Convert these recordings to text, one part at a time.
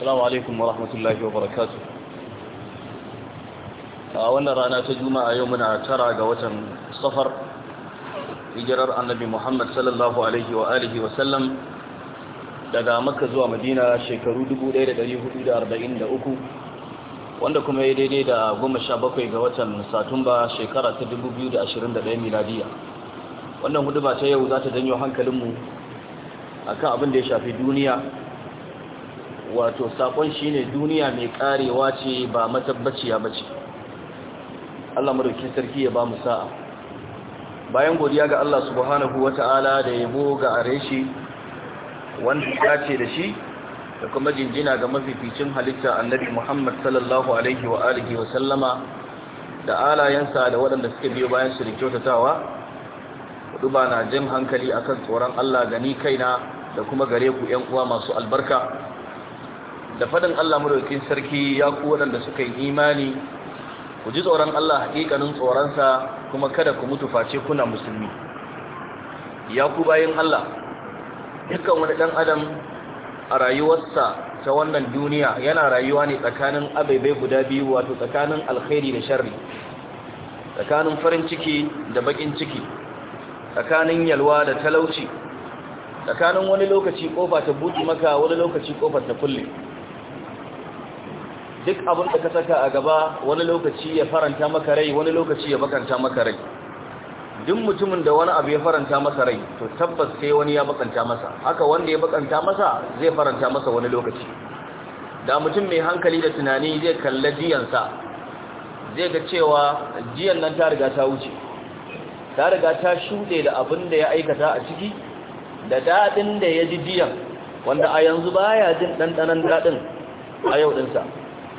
Assalamu wa rahmatullahi wa barakatu. A wannan rana ta Juma'a yau muna tara ga watan Safar hijirar Annabi Muhammad sallallahu alaihi wa alihi wa sallam daga Makka zuwa Madina shekaru 1443 wanda kuma ya daidai da 17 ga watan Satumba shekara ta 2021 miladiya. Wannan hudu ba ta yau za ta janyo hankalinmu akan abin da ya shafi duniya wato sakon ne duniya mai karewa ce ba matabbaciya bace Allah madaukakin sarki ya ba mu sa'a bayan godiya ga Allah subhanahu wa ta'ala da yabo ga areshi wanda ya ce da shi da kuma jinjina ga mafificin halitta annabi Muhammad sallallahu alaihi wa alihi wa sallama da alayansa da waɗanda suka biyo bayan su da tawa duba na jin hankali akan tsoron Allah gani kaina da kuma gare ku ƴan uwa masu albarka da faɗin Allah madaukakin sarki ya ku waɗanda suka yi imani ku ji tsoron Allah hakikanin tsoronsa kuma kada ku mutu face kuna musulmi ya ku bayin Allah dukkan wani ɗan adam a rayuwarsa ta wannan duniya yana rayuwa ne tsakanin abaibai guda biyu wato tsakanin alkhairi da sharri tsakanin farin ciki da bakin ciki tsakanin yalwa da talauci tsakanin wani lokaci kofa ta buɗe maka wani lokaci kofa ta kulle duk abin da ka saka a gaba wani lokaci ya faranta maka rai wani lokaci ya bakanta maka rai duk mutumin da wani abu ya faranta masa rai to tabbas sai wani ya bakanta masa haka wanda ya bakanta masa zai faranta masa wani lokaci da mutum mai hankali da tunani zai kalla jiyansa zai ga cewa jiyan nan ta riga ta wuce ta riga ta shuɗe da abin da ya aikata a ciki da daɗin da ya ji jiyan wanda a yanzu baya jin ɗanɗanon daɗin a yau ɗinsa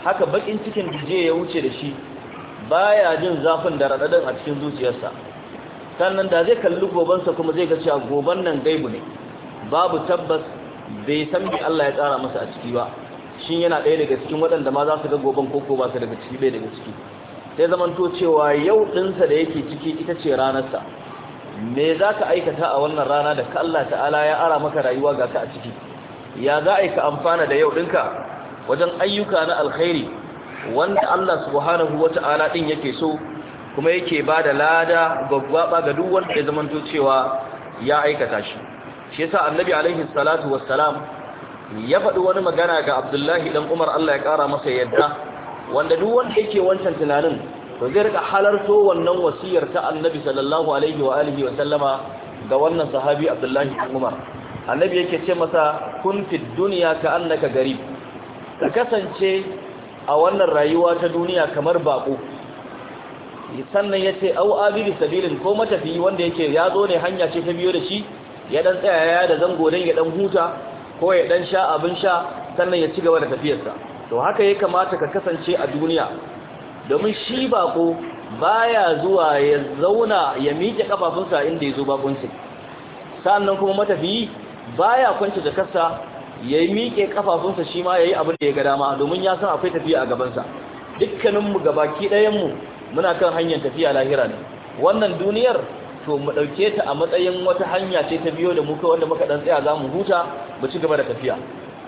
haka bakin cikin dije ya wuce da shi baya jin zafin da radadin a cikin zuciyarsa sannan da zai kalli gobansa kuma zai ga cewa goban nan gaibu ne babu tabbas bai san bi Allah ya tsara masa a ciki ba shin yana ɗaya daga cikin waɗanda ma za su ga goban koko ba su daga ciki bai daga ciki sai zamanto cewa yau ɗinsa da yake ciki ita ce ranarsa me za ka aikata a wannan rana da ka Allah ta'ala ya ara maka rayuwa ga ka a ciki ya za a yi ka amfana da yau ɗinka wajen ayyuka na alkhairi wanda Allah subhanahu wata'ala din yake so kuma yake ba da lada gwaggwaba ga duk wanda ya zamanto cewa ya aikata shi shi yasa annabi alaihi salatu wassalam ya faɗi wani magana ga abdullahi dan umar Allah ya ƙara masa yadda wanda duk wanda yake wancan tunanin to zai rika halarto wannan wasiyar ta annabi sallallahu alaihi wa alihi wa sallama ga wannan sahabi abdullahi dan umar annabi yake ce masa kun fi dunya ka annaka garib ka kasance a wannan rayuwa ta duniya kamar baƙo, sannan ya ce au abidi sabilin ko matafiyi wanda yake ya zo ne hanya ce ta biyo da shi ya dan tsayaya da zango dan ya dan huta ko ya dan sha abin sha sannan ya ci gaba da tafiyarsa to haka ya kamata ka kasance a duniya domin shi bako baya zuwa ya zauna ya miƙe kafafunsa inda ya zo bakunci sannan kuma matafiyi baya kwance jakarsa ya miƙe ƙafafunsa shi ma ya yi abin da ya ga dama domin ya san akwai tafiya a gabansa dukkaninmu baki ɗayanmu muna kan hanyar tafiya lahira ne wannan duniyar to mu ɗauke ta a matsayin wata hanya ce ta biyo da muka wanda muka ɗan tsaya za mu huta mu ci gaba da tafiya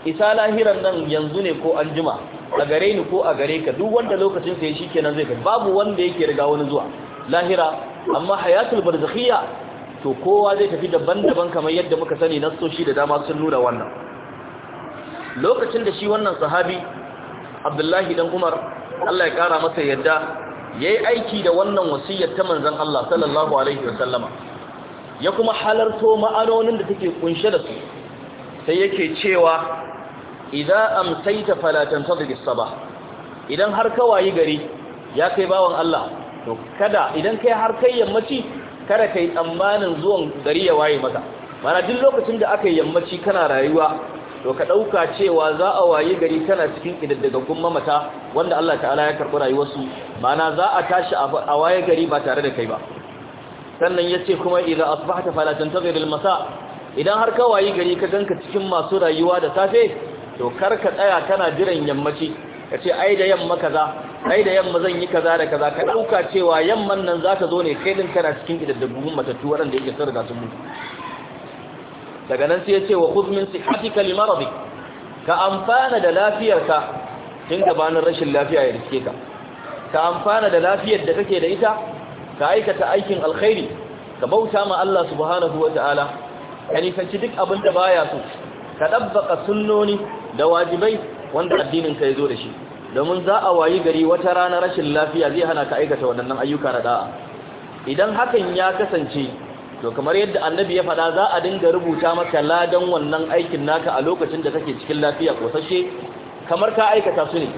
isa lahiran nan yanzu ne ko an jima a gare ni ko a gare ka duk wanda lokacin sa ya shi kenan zai kai babu wanda yake riga wani zuwa lahira amma hayatul barzakhiyya to kowa zai tafi daban-daban kamar yadda muka sani nasoshi da dama sun nuna wannan lokacin da shi wannan sahabi abdullahi dan umar Allah ya kara masa yadda yayi aiki da wannan wasiyyar ta manzon Allah sallallahu alaihi wasallama ya kuma halarto ma'anonin da take kunshe da su sai yake cewa idza amsayta fala tantadhi as-sabah idan har ka wayi gari ya kai bawan Allah to kada idan kai har kai yammaci kada kai tsammanin zuwan gari ya waye maka mana duk lokacin da aka yammaci kana rayuwa to ka ɗauka cewa za a wayi gari tana cikin ƙidaddagaggun mamata wanda Allah ta'ala ya karɓi rayuwarsu mana za a tashi a waye gari ba tare da kai ba sannan yace kuma idan asbahta fala tantazir almasa idan har ka wayi gari ka ganka cikin masu rayuwa da safe to kar ka tsaya kana jiran yammaci ka ce ai da yamma kaza ai da yamma zan yi kaza da kaza ka dauka cewa yamman nan za ta zo ne kai din kana cikin idaddagun matattu waɗanda yake sarga riga sun mutu daga nan sai ya ce wa khudh min sihhatika li maradik ka amfana da lafiyarka kin gabanin rashin lafiya ya riske ka ka amfana da lafiyar da kake da ita ka aikata aikin alkhairi ka bauta ma Allah subhanahu wataala ka duk abin da baya so ka dabbaka sunnoni da wajibai wanda addinin ka yazo da shi domin za a wayi gari wata rana rashin lafiya zai hana ka aikata waɗannan ayyuka na da'a idan hakan ya kasance to kamar yadda annabi ya faɗa za a dinga rubuta maka ladan wannan aikin naka a lokacin da kake cikin lafiya ko sashe kamar ka aikata su ne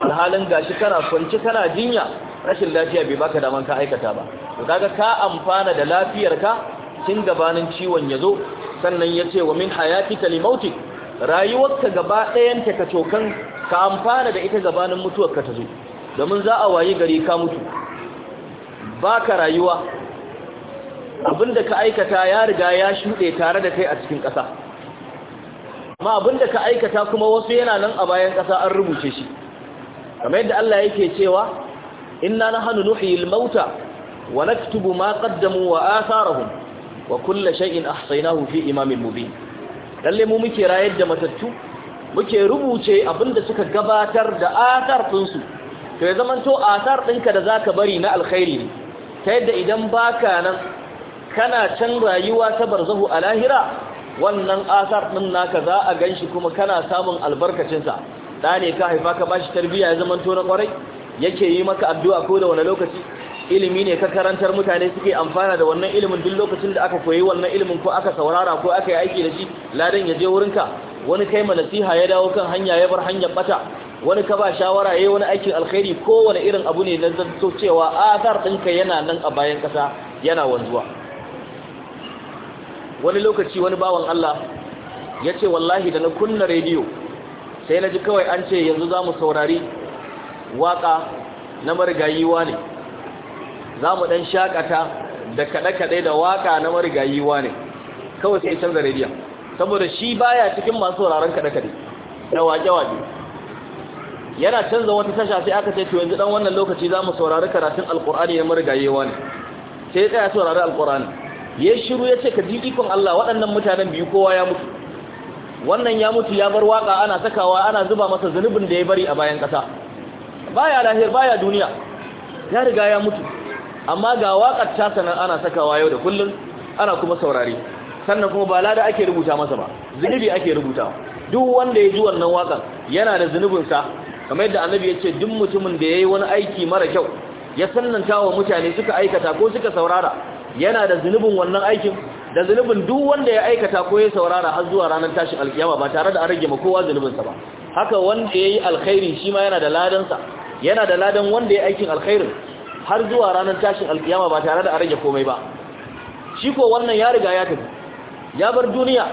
alhalin gashi kana kwanci kana jinya rashin lafiya bai baka daman ka aikata ba to kaga ka amfana da lafiyar ka tun gabanin ciwon yazo sannan yace wa min hayatika li mautik rayuwarka gaba ɗayan ta cokan ka amfana da ita gabanin mutuwar ka ta zo domin za a wayi gari ka mutu baka rayuwa abinda ka aikata ya riga ya shuɗe tare da kai a cikin ƙasa amma abinda ka aikata kuma wasu yana nan a bayan ƙasa an rubuce shi kamar yadda Allah yake cewa inna nahnu nuhyil mauta wa naktubu ma qaddamu wa atharahum wa kullu shay'in ahsaynahu fi imamin mubin lalle mu muke rayar da matattu muke rubuce abinda suka gabatar da athar ɗinsu to ya zamanto athar ɗinka da zaka bari na alkhairi ne ta yadda idan baka nan kana can rayuwa ta barzahu a lahira wannan asar ɗin naka za a gan shi kuma kana samun albarkacinsa ɗa ne ka haifa ka ba shi tarbiyya ya zama na ƙwarai yake yi maka addu'a ko da wani lokaci ilimi ne ka karantar mutane suke amfana da wannan ilimin duk lokacin da aka koyi wannan ilimin ko aka saurara ko aka yi aiki da shi ladan ya je wurinka wani kai nasiha ya dawo kan hanya ya bar hanyar bata wani ka ba shawara yayi wani aikin alkhairi kowane irin abu ne na zanto cewa asar ɗinka yana nan a bayan ƙasa yana wanzuwa wani lokaci wani bawan Allah ya ce wallahi da na kunna rediyo sai na ji kawai an ce yanzu za mu saurari waka na marigayiwa ne za mu ɗan shaƙata da kaɗe-kaɗe da waka na marigayiwa ne kawai sai canza rediyon saboda shi baya cikin masu sauraron kaɗe-kaɗe da waƙe-waƙe yana canza wata tasha sai aka ce to yanzu ɗan wannan lokaci za mu saurari karatun alƙur'ani na marigayiwa ne sai ya tsaya saurari alƙur'ani ya shiru ya ce ka ji ikon Allah waɗannan mutanen biyu kowa ya mutu wannan ya mutu ya bar waka ana sakawa ana zuba masa zunubin da ya bari a bayan ƙasa baya lahir baya duniya ya riga ya mutu amma ga waƙar ta sanar ana sakawa yau da kullum, ana kuma saurare sannan kuma ba lada ake rubuta masa ba zunubi ake rubuta duk wanda ya ji wannan waƙar yana da zunubinsa kamar yadda annabi ya ce duk mutumin da ya yi wani aiki mara kyau ya sannanta wa mutane suka aikata ko suka saurara yana da zunubin wannan aikin da zunubin duk wanda ya aikata ko ya saurara har zuwa ranar tashin alkiyama ba tare da an rage ma kowa zunubinsa ba haka wanda ya yi alkhairi shi ma yana da ladansa yana da ladan wanda ya aikin alkhairin har zuwa ranar tashin alkiyama ba tare da an rage komai ba shi ko wannan ya riga ya tafi ya bar duniya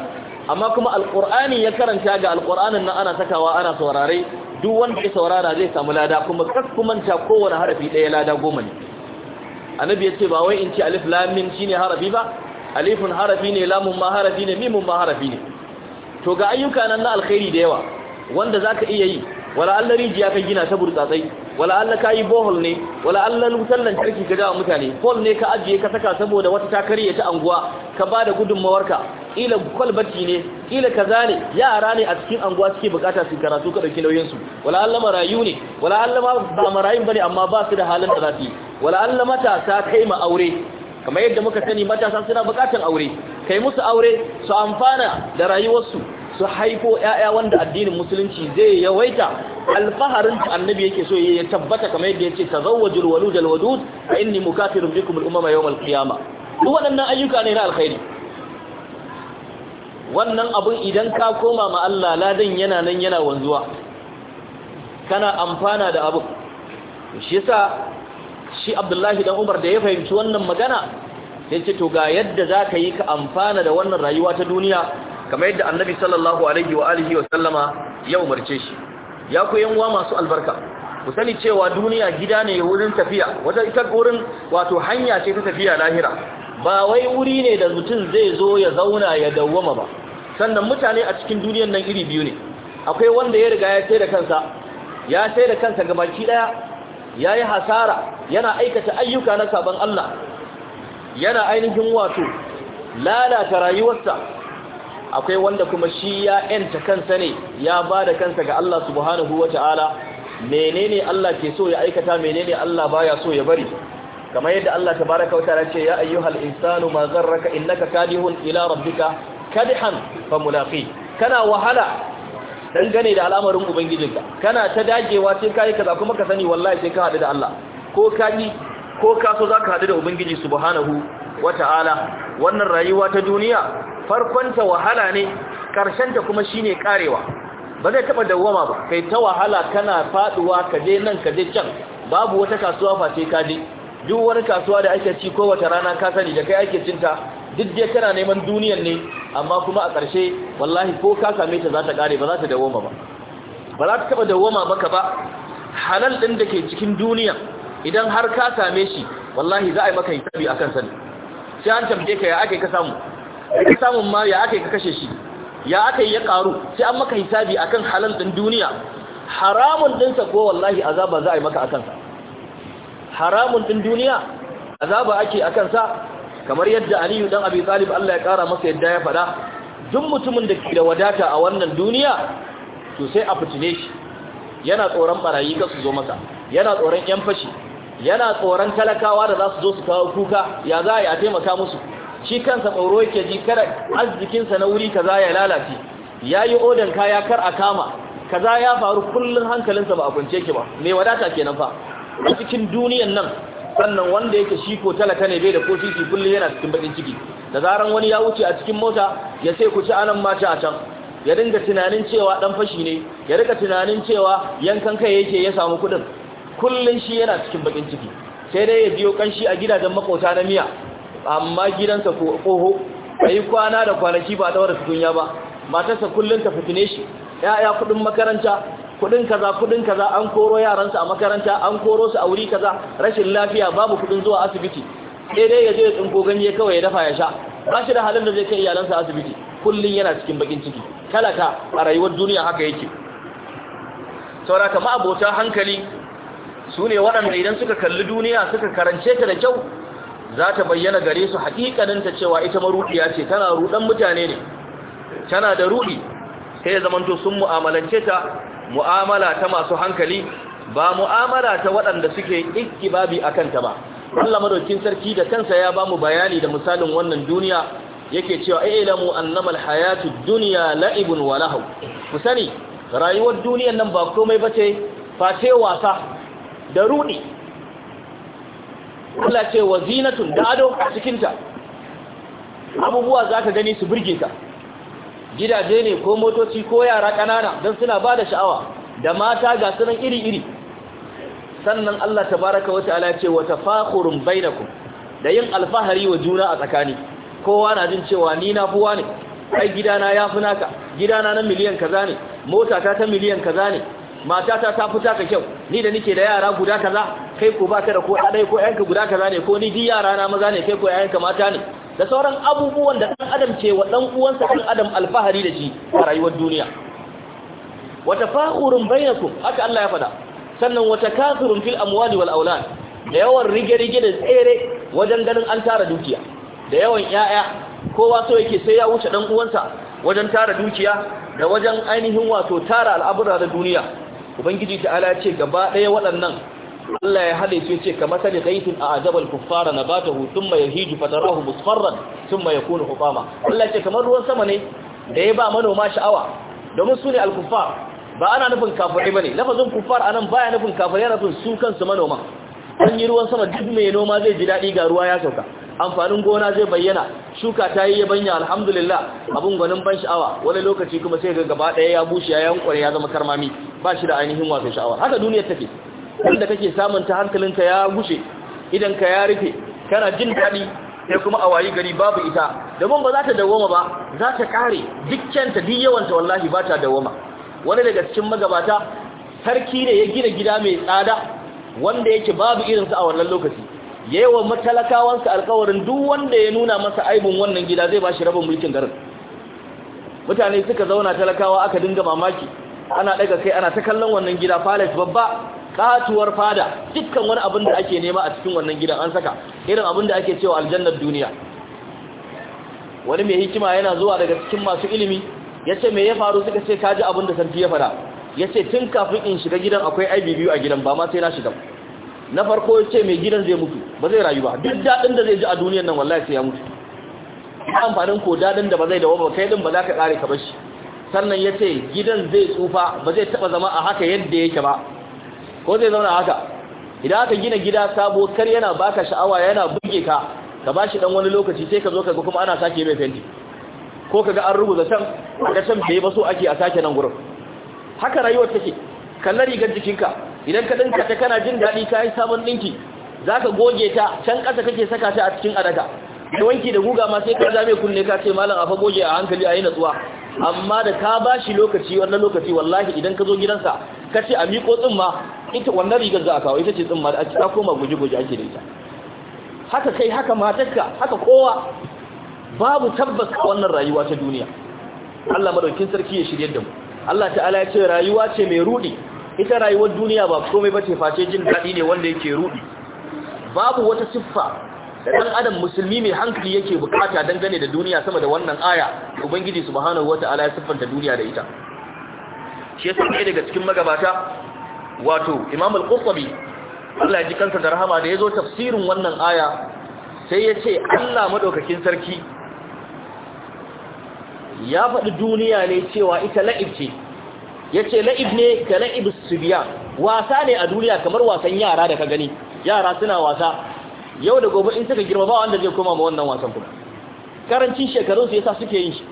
amma kuma alkur'ani ya karanta ga alkur'anin nan ana sakawa ana saurare duk wanda ya saurara zai samu lada kuma kakkumanta kowane harafi ɗaya lada goma ne annabi ya ce ba wai in ce alif lam mim shine harafi ba alifun harafi ne lamun ma harafi ne mimun ma harafi ne to ga ayyuka nan na alkhairi da yawa wanda zaka iya yi wala Allah rijiya ka gina ta burtsatsai wala Allah ka yi bohol ne wala Allah wutar lantarki ka jawa mutane Fol ne ka ajiye ka saka saboda wata ta ta anguwa ka ba da gudunmawarka ila bacci ne ila kaza ne yara ne a cikin anguwa suke bukata su karatu ka dauki nauyin su wala Allah marayu ne wala Allah ba marayun bane amma ba su da halin da za wala Allah matasa kai ma aure kamar yadda muka sani matasa suna bukatar aure kai musu aure su amfana da rayuwarsu su haifo ‘ya'ya wanda addinin musulunci zai yawaita alfaharin annabi yake so ya tabbata kamar yadda ya ce ta zauwa julwalu jalwadud a inni mukafirin bikum al'umma yau malkiyama duk waɗannan ayyuka ne na alkhairi wannan abun idan ka koma ma Allah ladan yana nan yana wanzuwa kana amfana da abin shi yasa shi abdullahi dan umar da ya fahimci wannan magana yace ce to ga yadda zaka yi ka amfana da wannan rayuwa ta duniya kamar yadda annabi sallallahu alaihi wa alihi wa sallama ya umarce shi ya ku yanwa masu albarka ku sani cewa duniya gida ne wurin tafiya wata ita gurin wato hanya ce ta tafiya lahira ba wai wuri ne da mutum zai zo ya zauna ya dawwama ba sannan mutane a cikin duniyar nan iri biyu ne akwai wanda ya riga ya sai da kansa ya sai da kansa ga baki daya yayi hasara yana aikata ayyuka na saban Allah yana ainihin wato lalata rayuwarsa akwai wanda kuma shi ya yanta kansa ne ya ba da kansa ga Allah subhanahu wa ta'ala menene Allah ke so ya aikata menene Allah baya so ya bari kamar yadda Allah tabaraka wa ta'ala ce ya ayyuhal insanu ma zarraka innaka kadihun ila rabbika kadhan famulaqi kana wahala dangane da al'amarin ubangijinka kana ta dagewa sai kai kaza kuma ka sani wallahi sai ka hadu da Allah ko kaso ko ka zaka hadu da ubangiji subhanahu wata'ala wannan rayuwa ta duniya farkonta wahala ne ta kuma shine karewa ba zai taba dawwama ba kai ta wahala kana faduwa ka je nan ka je can babu wata kasuwa face ka je duk wani kasuwa da ake ci wata rana ka sani da kai ake cinta duk dai kana neman duniyar ne amma kuma a karshe wallahi ko ka same ta za ta kare ba za ta dawwama ba ba za ta taba dawwama maka ba halal din da ke cikin duniya idan har ka same shi wallahi za a yi maka hisabi akan sani sai an tambaye ka ya aka yi ka samu ka samun ma ya aka ka kashe shi ya aka ya karu sai an maka hisabi akan halan din duniya haramun ɗinsa ko wallahi azaba za a yi maka akan sa haramun din duniya azaba ake akan sa kamar yadda Aliyu dan Abi Talib Allah ya kara masa yadda ya fada duk mutumin da ke da wadata a wannan duniya to sai a fitine shi yana tsoron barayi ka su zo masa yana tsoron yan fashi yana tsoron talakawa da za su zo su kawo kuka ya za a yi a taimaka musu shi kansa tsoro yake ji kada arzikinsa na wuri kaza ya lalace ya yi odan kaya kar a kama kaza ya faru kullum hankalinsa ba a kwance ki ba mai wadata kenan fa a cikin duniyan nan sannan wanda yake shi ko talaka ne bai da ko shi kullum yana cikin bakin ciki da zaran wani ya wuce a cikin mota ya ce ku ci anan mata a can ya dinga tunanin cewa dan fashi ne ya rika tunanin cewa yankan kai yake ya samu kuɗin. kullum shi yana cikin bakin ciki sai dai ya biyo kanshi a gidajen makauta na miya amma gidansa ko koho bai kwana da kwanaki ba daura tukunya ba matarsa kullun ta fitine shi ya'ya kudin makaranta kudin kaza kudin kaza an koro yaransa a makaranta an koro su a wuri kaza rashin lafiya babu kudin zuwa asibiti sai dai ya je ya tsinko ganye kawai ya dafa ya sha ba shi da halin da zai kai iyalansa asibiti kullum yana cikin bakin ciki talaka a rayuwar duniya haka yake sauraka abotan hankali su ne waɗanda idan suka kalli duniya suka karance ta da kyau za ta bayyana gare su hakikaninta cewa ita maruɗiya ce tana ruɗan mutane ne tana da ruɗi sai zamanto sun mu'amalance ta mu'amala ta masu hankali ba mu'amala ta waɗanda suke ikkibabi a kanta ba Allah madaukin sarki da kansa ya ba mu bayani da misalin wannan duniya yake cewa ilamu annamal hayatu dunya la'ibun wa lahu ku sani rayuwar duniyar nan ba komai bace face wasa da ruɗi. Allah ce wa zinatun da ado a cikinta abubuwa za ka gani su birge ka gidaje ne ko motoci ko yara ƙanana don suna ba da sha'awa da mata ga sunan iri-iri sannan Allah baraka wata ala ce wata fakhurun bainakum da yin alfahari wa juna a tsakani kowa na jin cewa ni na fuwa ne ai gidana ya fi naka gidana na miliyan kaza ne mota ta ta miliyan kaza ne matata ta fita ka kyau ni da nike da yara guda kaza kai ko baka da ko ɗaya ko ƴanka guda kaza ne ko ni di yara na maza ne kai ko ƴanka mata ne da sauran abubuwan da ɗan adam ce wa ɗan uwansa ɗan adam alfahari da shi a rayuwar duniya wa tafakhurun bainakum haka Allah ya fada sannan wa takathurun fil amwali wal aulad da yawan rige-rige da tsere wajen ganin an tara dukiya da yawan 'ya'ya, kowa so yake sai ya wuce ɗan uwansa wajen tara dukiya da wajen ainihin wato tara al'abura da duniya ubangiji ta'ala ce gaba ɗaya waɗannan Allah ya hade su ce kamar sani gaitin a ajabal kuffara na bata hutun mai hiju fatarahu musfarran sun mai kuna hukama Allah ce kamar ruwan sama ne da ya ba manoma sha'awa domin su ne alkuffar ba ana nufin kafirai ba ne lafazin kuffar anan baya nufin kafirai yana nufin su kansu manoma an yi ruwan sama duk mai noma zai ji daɗi ga ruwa ya sauka amfanin gona zai bayyana shuka ta yi yabanya alhamdulillah abun gwanin ban sha'awa wani lokaci kuma sai ga gaba ɗaya ya bushe ya yankware ya zama karmami ba shi da ainihin wato sha'awa haka duniyar take wanda kake samun ta hankalinka ya gushe idan ka ya rufe kana jin daɗi sai kuma a wayi gari babu ita domin ba za ta dawoma ba za ta kare dukkanta duk yawanta wallahi ba ta dawoma wani daga cikin magabata sarki ne ya gina gida mai tsada wanda yake babu irinsa a wannan lokaci yawa matalakawansa alkawarin duk wanda ya nuna masa aibin wannan gida zai bashi rabin mulkin garin mutane suka zauna talakawa aka dinga mamaki ana daga kai ana ta kallon wannan gida palace babba katuwar fada dukkan wani abin da ake nema a cikin wannan gidan an saka irin abin da ake cewa aljannar duniya wani mai hikima yana zuwa daga cikin masu ilimi Ya ce me ya faru suka ce kaji abin da sarki ya fara ce tun kafin in shiga gidan akwai aibi biyu a gidan ba ma sai na shiga na farko ya ce mai gidan zai mutu ba zai rayu ba duk daɗin da zai ji a duniyar nan wallahi sai ya mutu ya amfanin ko daɗin da ba zai dawo ba kai din ba za ka ƙare ka bashi sannan ya ce gidan zai tsufa ba zai taɓa zama a haka yadda yake ba ko zai zauna haka idan aka gina gida sabo kar yana baka sha'awa yana buge ka ka bashi ɗan wani lokaci sai ka zo ka ga kuma ana sake mai fenti ko ka ga an rubuta can ga can bai ba so ake a sake nan gurin haka rayuwar take kallari rigar jikinka idan ka dinka ta kana jin daɗi ka yi sabon ɗinki za ka goge ta can ƙasa kake saka ta a cikin adaka da wanki da guga ma sai ka zame kunne ka ce malam a fa goge a hankali a yi natsuwa amma da ka ba shi lokaci wannan lokaci wallahi idan ka zo gidansa ka ce a miƙo tsimma ita wannan rigar za a kawo ita ce tsimma da ake koma guje-guje ake da ita haka kai haka matarka haka kowa babu tabbas a wannan rayuwa ta duniya Allah madaukin sarki ya shirye da mu Allah ta'ala ya ce rayuwa ce mai rudi ita rayuwar duniya ba komai bace face jin daɗi ne wanda yake rudi babu wata siffa da ɗan adam musulmi mai hankali yake bukata dangane da duniya sama da wannan aya ubangiji subhanahu wata'ala ya siffanta duniya da ita shi yasa ɗaya daga cikin magabata wato imam al-qurtubi Allah ya ji kansa da rahama da ya zo tafsirin wannan aya sai ya ce Allah madaukakin sarki ya faɗi duniya ne cewa ita la'ib ce Ya ce, la'ib ne ka la'ib sibiya wasa ne a duniya kamar wasan yara da ka gani yara suna wasa yau da gobe in suka girma ba wanda zai koma ma wannan wasan kuma karancin shekarun su yasa suke yin shi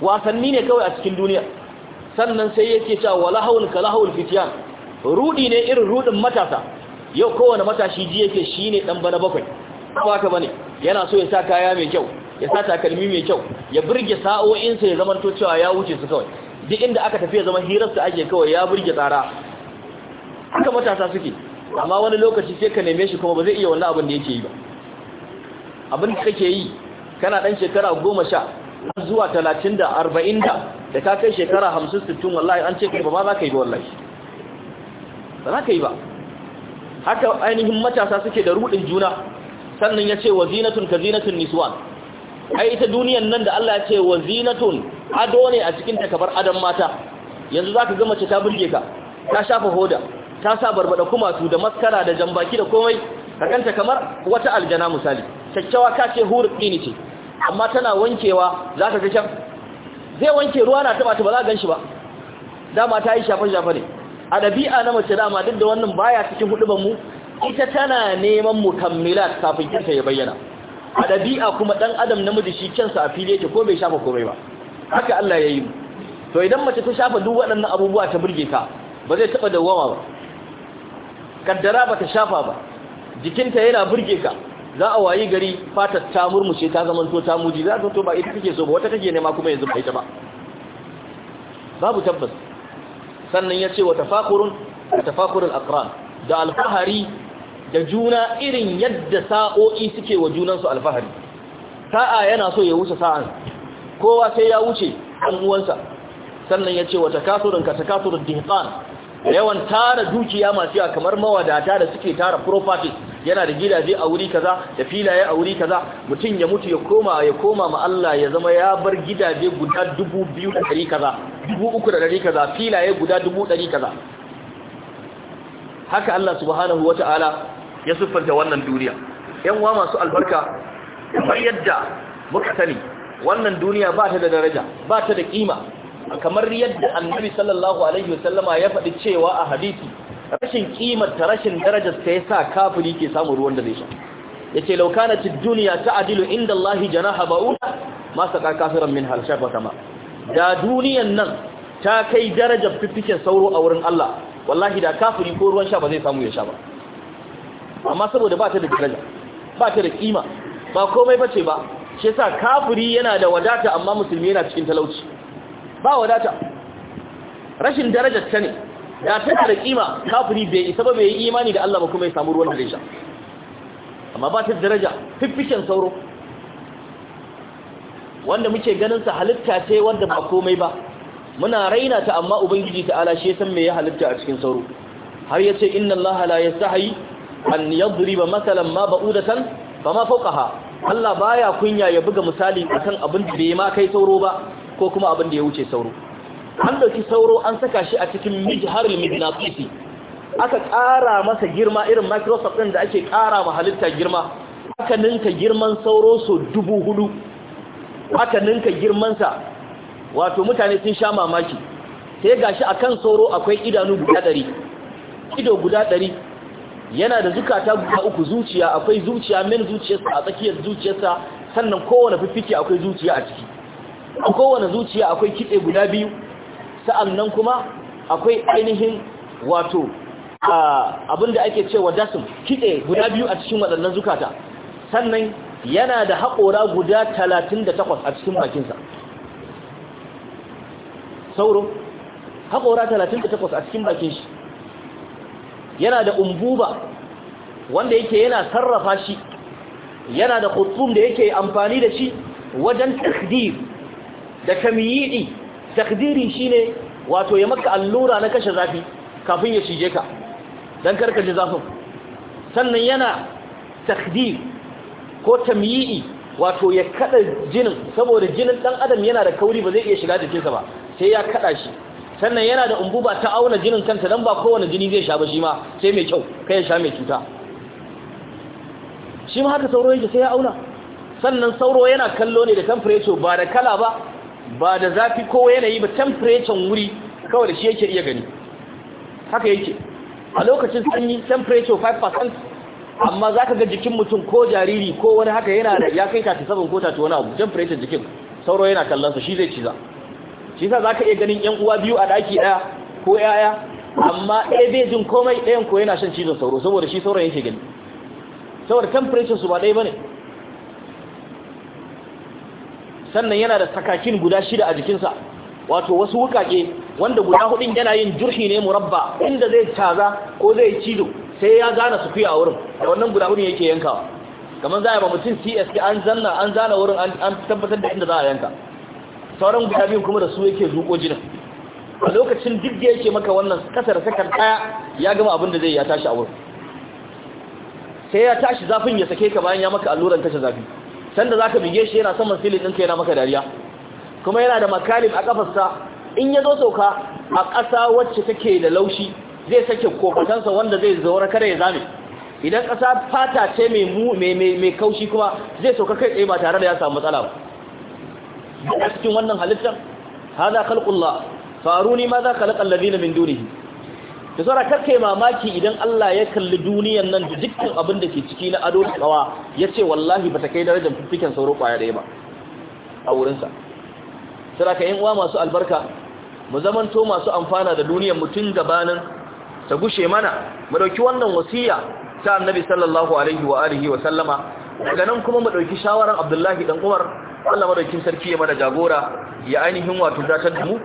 wasanni ne kawai a cikin duniya sannan sai yake cewa wala haul kala haul fitiyan rudi ne irin rudin matasa yau kowane matashi ji yake shine dan bana bakwai ba ka bane yana so ya sa kaya mai kyau ya sa takalmi mai kyau ya burge sa'o'insa ya zamanto cewa ya wuce su kawai duk inda aka tafi zama su ake kawai ya burge tsara haka matasa suke amma wani lokaci sai ka neme shi kuma ba zai iya wannan abin da yake yi ba abin da kake yi kana dan shekara goma sha zuwa talatin da arba'in da da ka kai shekara hamsin sittin wallahi an ce ba ma za ka yi ba wallahi ba za ka yi ba haka ainihin matasa suke da rudin juna sannan ya ce wa zinatun ka zinatun niswan ai ita duniyan nan da Allah ya ce wa zinatun ado ne a cikin ta kabar adam mata yanzu zaka ga mace ta burge ka ta shafa hoda ta sa barbada kumatu da maskara da jambaki da komai ka ganta kamar wata aljana misali kyakkyawa ka ce hur ɗini ce amma tana wankewa zaka ga can zai wanke ruwa na taba ta ba za ka ganshi ba dama ta yi shafa shafa ne a dabi'a na mace dama duk da wannan baya cikin hudubar mu ita tana neman mukammilat kafin kirka ya bayyana a ɗabi'a kuma ɗan adam namiji shi kyansa a fili yake ko bai shafa komai ba haka Allah ya yi to idan mace ta shafa duk waɗannan abubuwa ta burge ka ba zai taɓa dawwama ba kaddara ba ta shafa ba jikinta yana burge ka za a wayi gari fatar ta murmushe ta zama to ta muji za ta to ba ita kake so ba wata kake nema kuma yanzu ba ita ba babu tabbas sannan ya ce wa tafakurun tafakurul da alfahari da juna irin yadda sa'o'i suke wa junansu alfahari sa'a yana so ya wuce sa'an kowa sai ya wuce ɗan uwansa sannan ya ce wa takasurin ka takasurin dihqan yawan tara dukiya masu yawa kamar mawadata da suke tara property yana da gidaje a wuri kaza da filaye a wuri kaza mutum ya mutu ya koma ya koma ma Allah ya zama ya bar gidaje guda 2200 kaza 3000 kaza filaye guda 1000 kaza haka Allah subhanahu wata'ala ya siffanta wannan duniya yan wa masu albarka kamar yadda muka sani wannan duniya ba ta da daraja ba ta da kima kamar yadda annabi sallallahu alaihi wasallama ya faɗi cewa a hadisi rashin kimar ta rashin darajar ta yasa kafiri ke samun ruwan da zai sha yace law kanat ad-dunya ta'dilu inda Allah janaha ba'uda ma saqa kafiran min hal shafa kama da duniyan nan ta kai darajar fifikin sauro a wurin Allah wallahi da kafiri ko ruwan sha ba zai samu ya sha ba amma saboda ba ta da daraja ba ta da kima ba komai bace ba shi yasa kafiri yana da wadata amma musulmi yana cikin talauci ba wadata rashin darajar ta ne da ta da kima kafiri bai isa ba bai yi imani da Allah ba kuma ya samu ruwan da amma ba ta da daraja fiffishin sauro wanda muke ganin sa halitta ce wanda ba komai ba muna raina ta amma ubangiji ta'ala shi ya san me ya halitta a cikin sauro har yace inna allaha la yastahi an yadriba masalan ma ba'udatan fama fawqaha Allah baya kunya ya buga misali akan abin da bai ma kai sauro ba ko kuma abin da ya wuce sauro an dauki sauro an saka shi a cikin mijharil midnaqisi aka ƙara masa girma irin microsoft din da ake ƙara ma halitta girma aka ninka girman sauro so dubu hudu aka ninka girmansa wato mutane sun sha mamaki sai gashi akan sauro akwai idanu guda ɗari ido guda ɗari yana da zukata guda uku zuciya akwai zuciya min zuciyarsa a tsakiyar zuciyarsa sannan kowane fiffike akwai zuciya a ciki a kowane zuciya akwai kitse guda biyu sa'annan kuma akwai ainihin wato abinda ake cewa dasin kitse guda biyu a cikin waɗannan zukata sannan yana da haƙora guda talatin da takwas a cikin bakinsa sauro haƙora talatin da takwas a cikin bakin shi yana da umbuba wanda yake yana sarrafa shi yana da khutum da yake amfani da shi wajen takdir da kamyidi takdiri shine wato ya maka allura na kashe zafi kafin ya cije ka dan karka ji zafin sannan yana takdir ko tamyi'i wato ya kada jinin saboda jinin dan adam yana da kauri ba zai iya shiga jikinsa ba sai ya kada shi sannan yana da umbuba ta auna jinin kanta dan ba kowane jini zai sha ba shi ma sai mai kyau kai ya sha mai cuta shi ma haka sauro yake sai ya auna sannan sauro yana kallo ne da temperature ba da kala ba ba da zafi ko yanayi ba temperature wuri kawai da shi yake iya gani haka yake a lokacin sanyi temperature 5% amma za ka ga jikin mutum ko jariri ko wani haka yana da ya kai 37 ko 31 abu temperature jikin sauro yana kallon sa shi zai ciza shi za ka iya ganin yan uwa biyu a daki ɗaya ko yaya amma ɗaya zai jin komai ɗayan ko yana shan cizon sauro saboda shi sauran yake gani saboda temperature su ba ɗaya ba ne. sannan yana da sakakin guda shida a jikinsa wato wasu wukake wanda guda hudun yana yin jurhi ne murabba inda zai caza ko zai cizo sai ya zana su fiye a wurin da wannan guda hudun yake yankawa kamar za a ba mutum cs an zana wurin an tabbatar da inda za a yanka sauran guda biyu kuma da su yake zuƙo jinin a lokacin duk da yake maka wannan kasar sakar ɗaya ya gama abin da zai ya tashi a wurin sai ya tashi zafin ya sake ka bayan ya maka alluran tashi zafi sanda zaka bige shi yana saman silin ɗinka yana maka dariya kuma yana da makalib a kafarsa in ya zo sauka a ƙasa wacce take da laushi zai sake kofatansa wanda zai zaura kada ya zame idan ƙasa fata ce mai kaushi kuma zai sauka kai tsaye ba tare da ya samu matsala ba a cikin wannan halittar hada khalqullah faruni ma za khalaqa alladhina min dunihi kar ka yi mamaki idan Allah ya kalli duniyar nan da dukkan abin da ke ciki na ado da ya yace wallahi bata kai darajar fiffiken sauro kwaya da ba a wurin sa sara ka yan uwa masu albarka mu zamanto masu amfana da duniyar mutun gabanin ta gushe mana mu dauki wannan wasiya ta annabi sallallahu alaihi wa alihi wa sallama daga nan kuma mu dauki shawaran Abdullahi dan Umar Allah madaukin sarki ya mana jagora ya ainihin wato zatar da mu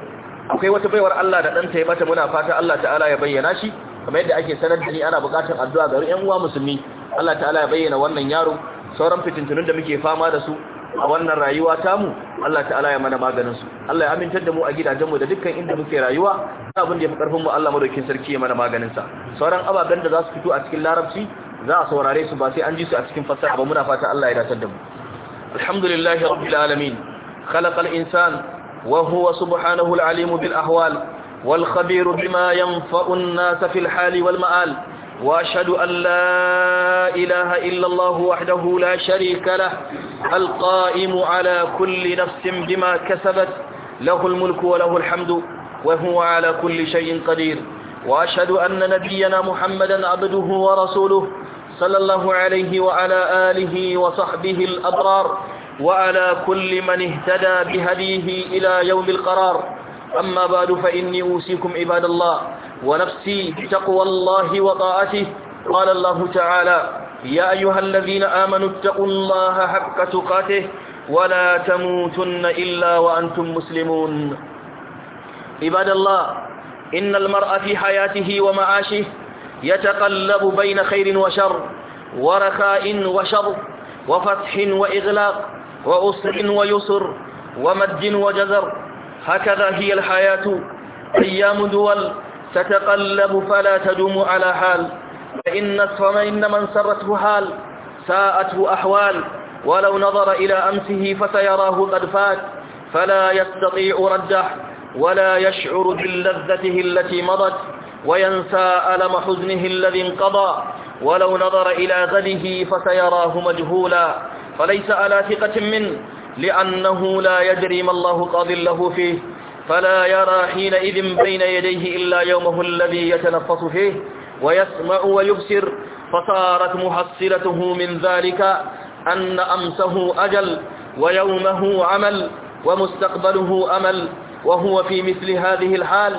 akwai wata baiwar Allah da ta ya mata muna fata Allah ta'ala ya bayyana shi kamar yadda ake sanar da ni ana buƙatar addu'a ga ƴan uwa musulmi Allah ta'ala ya bayyana wannan yaro sauran fitintunun da muke fama da su a wannan rayuwa tamu Allah ta'ala ya mana maganin su Allah ya amintar da mu a gidajenmu da dukkan inda muke rayuwa abin da ya fi karfin mu Allah madaukin sarki ya mana maganin sa sauran ababen da za su fito a cikin larabci za a saurare su ba sai an ji su a cikin fasaha ba muna fata Allah ya datar da mu الحمد لله رب العالمين خلق الإنسان وهو سبحانه العليم بالأحوال والخبير بما ينفع الناس في الحال والمآل وأشهد أن لا إله إلا الله وحده لا شريك له القائم على كل نفس بما كسبت له الملك وله الحمد وهو على كل شيء قدير وأشهد أن نبينا محمدا عبده ورسوله صلى الله عليه وعلى آله وصحبه الأبرار وعلى كل من اهتدى بهديه إلى يوم القرار أما بعد فإني أوصيكم عباد الله ونفسي بتقوى الله وطاعته قال الله تعالى يا أيها الذين آمنوا اتقوا الله حق تقاته ولا تموتن إلا وأنتم مسلمون عباد الله إن المرء في حياته ومعاشه يتقلب بين خير وشر ورخاء وشر وفتح وإغلاق وأسر ويسر ومد وجزر هكذا هي الحياة أيام دول تتقلب فلا تدوم على حال فإن فمن من سرته حال ساءته أحوال ولو نظر إلى أمسه فسيراه قد فات فلا يستطيع رده ولا يشعر بلذته التي مضت وينسى ألم حزنه الذي انقضى ولو نظر إلى غده فسيراه مجهولا فليس على ثقة منه لأنه لا يدري ما الله قاض له فيه فلا يرى حينئذ بين يديه إلا يومه الذي يتنفس فيه ويسمع ويبصر فصارت محصلته من ذلك أن أمسه أجل ويومه عمل ومستقبله أمل وهو في مثل هذه الحال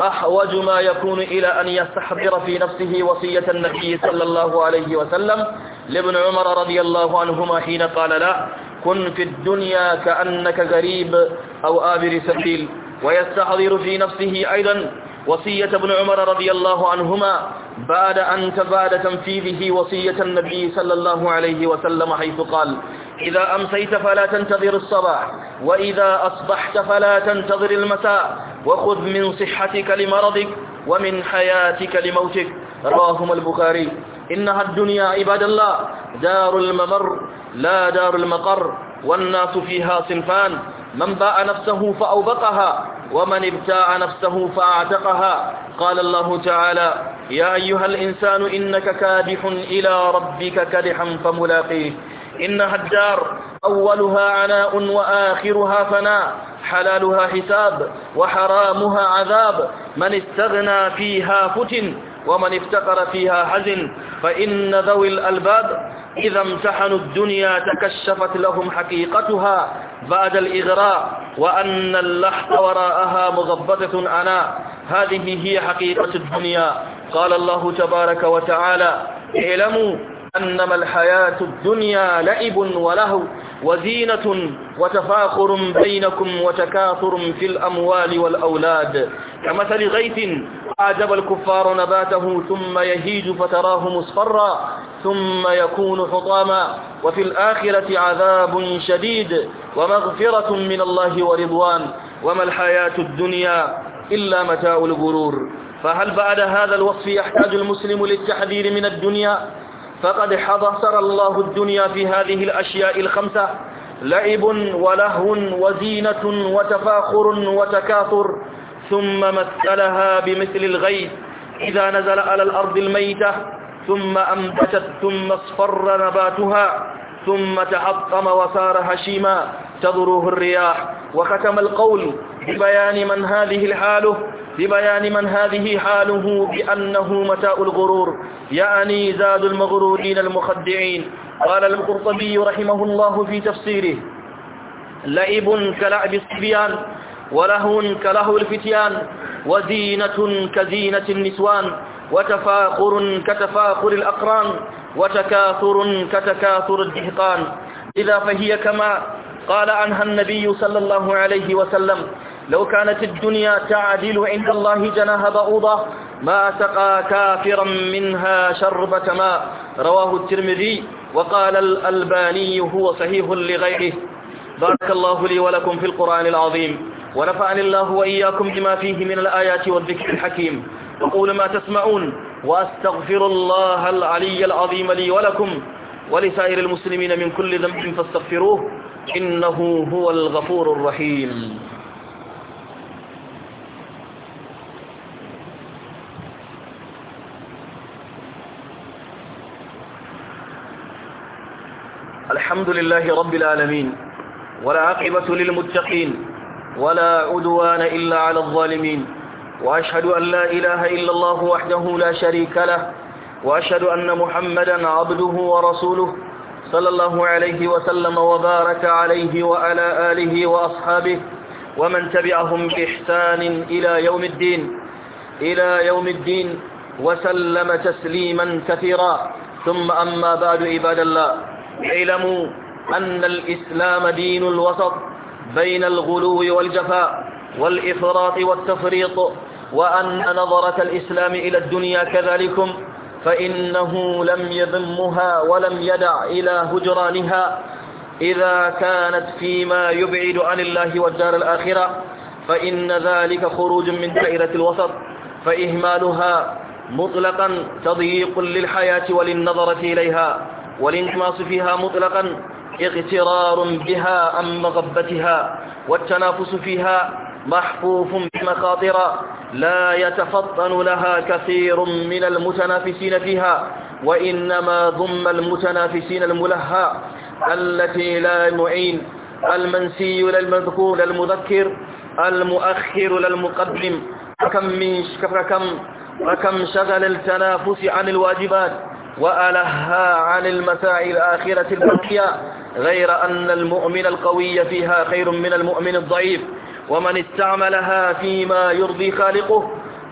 أحوج ما يكون إلى أن يستحضر في نفسه وصية النبي صلى الله عليه وسلم لابن عمر رضي الله عنهما حين قال لا كن في الدنيا كأنك غريب أو آبر سبيل ويستحضر في نفسه أيضا وصية ابن عمر رضي الله عنهما بعد أن تباد تنفيذه وصية النبي صلى الله عليه وسلم حيث قال إذا أمسيت فلا تنتظر الصباح وإذا أصبحت فلا تنتظر المساء وخذ من صحتك لمرضك ومن حياتك لموتك رواهما البخاري إنها الدنيا عباد الله دار الممر لا دار المقر والناس فيها صنفان من باع نفسه فأوبقها ومن ابتاع نفسه فأعتقها قال الله تعالى يا أيها الإنسان إنك كادح إلى ربك كدحا فملاقيه إنها الدار أولها عناء وآخرها فناء حلالها حساب وحرامها عذاب من استغنى فيها فتن ومن افتقر فيها حزن فإن ذوي الألباب إذا امتحنوا الدنيا تكشفت لهم حقيقتها بعد الإغراء وأن اللحظة وراءها مغبطة أنا هذه هي حقيقة الدنيا قال الله تبارك وتعالى اعلموا أنما الحياة الدنيا لعب ولهو وزينة وتفاخر بينكم وتكاثر في الأموال والأولاد كمثل غيث أعجب الكفار نباته ثم يهيج فتراه مصفرا ثم يكون حطاما وفي الآخرة عذاب شديد ومغفرة من الله ورضوان وما الحياة الدنيا إلا متاع الغرور فهل بعد هذا الوصف يحتاج المسلم للتحذير من الدنيا؟ فقد حضر الله الدنيا في هذه الأشياء الخمسة لعب ولهو وزينة وتفاخر وتكاثر ثم مثلها بمثل الغيث إذا نزل على الأرض الميتة ثم أنبتت ثم اصفر نباتها ثم تحطم وصار هشيما تضره الرياح وختم القول ببيان من هذه الحاله في بيان من هذه حاله بأنه متاء الغرور يعني زاد المغرورين المخدعين قال القرطبي رحمه الله في تفسيره لعب كلعب الصبيان ولهو كلهو الفتيان وزينة كزينة النسوان وتفاخر كتفاخر الأقران وتكاثر كتكاثر الدهقان إذا فهي كما قال عنها النبي صلى الله عليه وسلم لو كانت الدنيا تعدل عند الله جناها بعوضة ما سقى كافرا منها شربة ماء رواه الترمذي وقال الألباني هو صحيح لغيره بارك الله لي ولكم في القرآن العظيم ونفعني الله وإياكم بما فيه من الآيات والذكر الحكيم أقول ما تسمعون وأستغفر الله العلي العظيم لي ولكم ولسائر المسلمين من كل ذنب فاستغفروه إنه هو الغفور الرحيم الحمد لله رب العالمين ولا عقبة للمتقين ولا عدوان إلا على الظالمين وأشهد أن لا إله إلا الله وحده لا شريك له وأشهد أن محمدا عبده ورسوله صلى الله عليه وسلم وبارك عليه وعلى آله وأصحابه ومن تبعهم بإحسان إلى يوم الدين إلى يوم الدين وسلم تسليما كثيرا ثم أما بعد عباد الله اعلموا أن الإسلام دين الوسط بين الغلو والجفاء والإفراط والتفريط وأن نظرة الإسلام إلى الدنيا كذلكم فإنه لم يذمها ولم يدع إلى هجرانها إذا كانت فيما يبعد عن الله والدار الآخرة فإن ذلك خروج من دائرة الوسط فإهمالها مطلقا تضييق للحياة وللنظرة إليها والانتماس فيها مطلقا اغترار بها عن مغبتها والتنافس فيها محفوف بمخاطر لا يتفطن لها كثير من المتنافسين فيها وإنما ضم المتنافسين الملهى التي لا معين المنسي للمذكور للمذكر المؤخر للمقدم فكم من فكم فكم شغل التنافس عن الواجبات وألهى عن المتاع الآخرة الباقية غير أن المؤمن القوي فيها خير من المؤمن الضعيف ومن استعملها فيما يرضي خالقه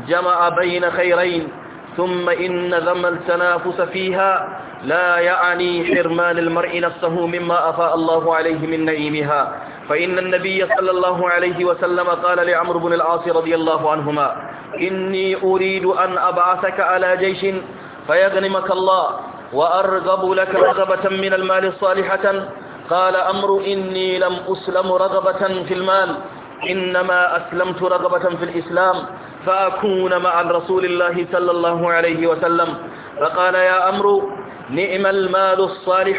جمع بين خيرين ثم إن ذم التنافس فيها لا يعني حرمان المرء نفسه مما أفاء الله عليه من نعيمها فإن النبي صلى الله عليه وسلم قال لعمر بن العاص رضي الله عنهما إني أريد أن أبعثك على جيش فيغنمك الله وأرغب لك رغبة من المال صالحة قال أمر إني لم أسلم رغبة في المال إنما أسلمت رغبة في الإسلام فأكون مع رسول الله صلى الله عليه وسلم فقال يا أمر نئم المال الصالح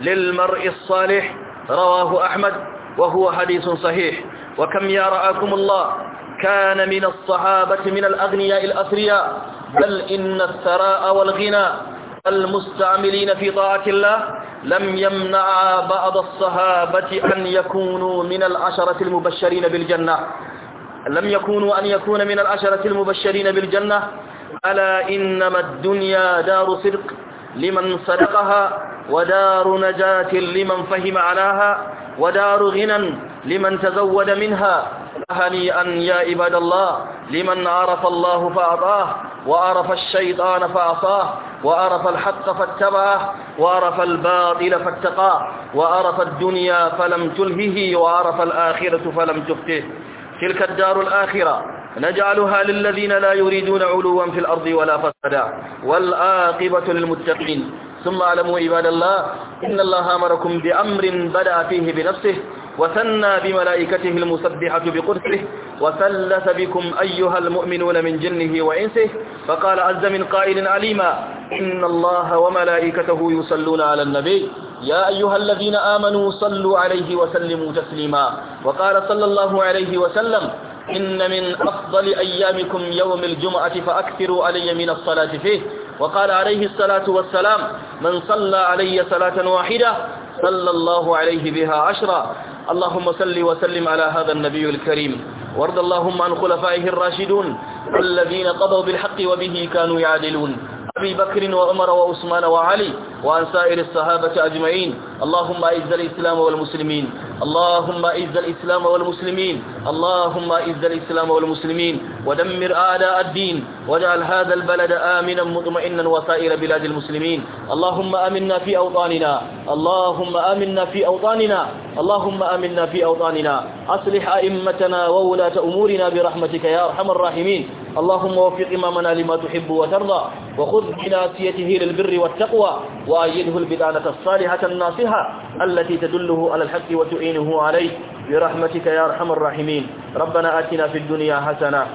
للمرء الصالح رواه أحمد وهو حديث صحيح وكم يا رعاكم الله كان من الصحابة من الأغنياء الأثرياء بل إن الثراء والغنى المستعملين في طاعة الله لم يمنع بعض الصحابة أن يكونوا من العشرة المبشرين بالجنة لم يكونوا أن يكون من العشرة المبشرين بالجنة ألا إنما الدنيا دار صدق لمن صدقها ودار نجاة لمن فهم علىها ودار غنى لمن تزود منها هنيئا يا عباد الله لمن عرف الله فأعطاه وعرف الشيطان فعصاه وعرف الحق فاتبعه وعرف الباطل فاتقاه وعرف الدنيا فلم تلهه وعرف الآخرة فلم تفته تلك الدار الآخرة نجعلها للذين لا يريدون علوا في الأرض ولا فسدا والآقبة للمتقين ثم اعلموا عباد الله إن الله أمركم بأمر بدأ فيه بنفسه وثنى بملائكته المسبحة بقدسه وثلث بكم أيها المؤمنون من جنه وإنسه فقال عز من قائل عليما إن الله وملائكته يصلون على النبي يا أيها الذين آمنوا صلوا عليه وسلموا تسليما وقال صلى الله عليه وسلم إن من أفضل أيامكم يوم الجمعة فأكثروا علي من الصلاة فيه وقال عليه الصلاة والسلام من صلى علي صلاة واحدة صلى الله عليه بها عشرا اللهم صل وسلم على هذا النبي الكريم وارض اللهم عن خلفائه الراشدون الذين قضوا بالحق وبه كانوا يعدلون أبي بكر وعمر وعثمان وعلي وعن سائر الصحابة أجمعين اللهم أعز الإسلام والمسلمين اللهم أعز الإسلام والمسلمين اللهم أعز الإسلام والمسلمين ودمر أعداء الدين واجعل هذا البلد آمنا مطمئنا وسائر بلاد المسلمين اللهم آمنا في أوطاننا اللهم آمنا في أوطاننا اللهم آمنا في أوطاننا أصلح أئمتنا وولاة أمورنا برحمتك يا أرحم الراحمين اللهم وفق إمامنا لما تحب وترضى وخذ بناسيته للبر والتقوى وأيده البدانة الصالحة الناصحة التي تدله على الحق وتعينه عليه برحمتك يا أرحم الراحمين ربنا آتنا في الدنيا حسنة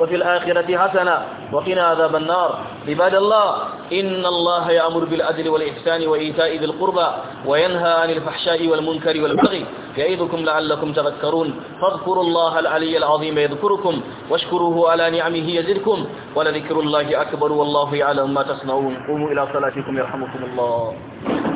وفي الآخرة حسنة وقنا عذاب النار عباد الله إن الله يأمر بالعدل والإحسان وإيتاء ذي القربى وينهى عن الفحشاء والمنكر والبغي يعظكم لعلكم تذكرون فاذكروا الله العلي العظيم يذكركم واشكروه على نعمه يزدكم ولذكر الله أكبر والله يعلم ما تصنعون قوموا إلى صلاتكم يرحمكم الله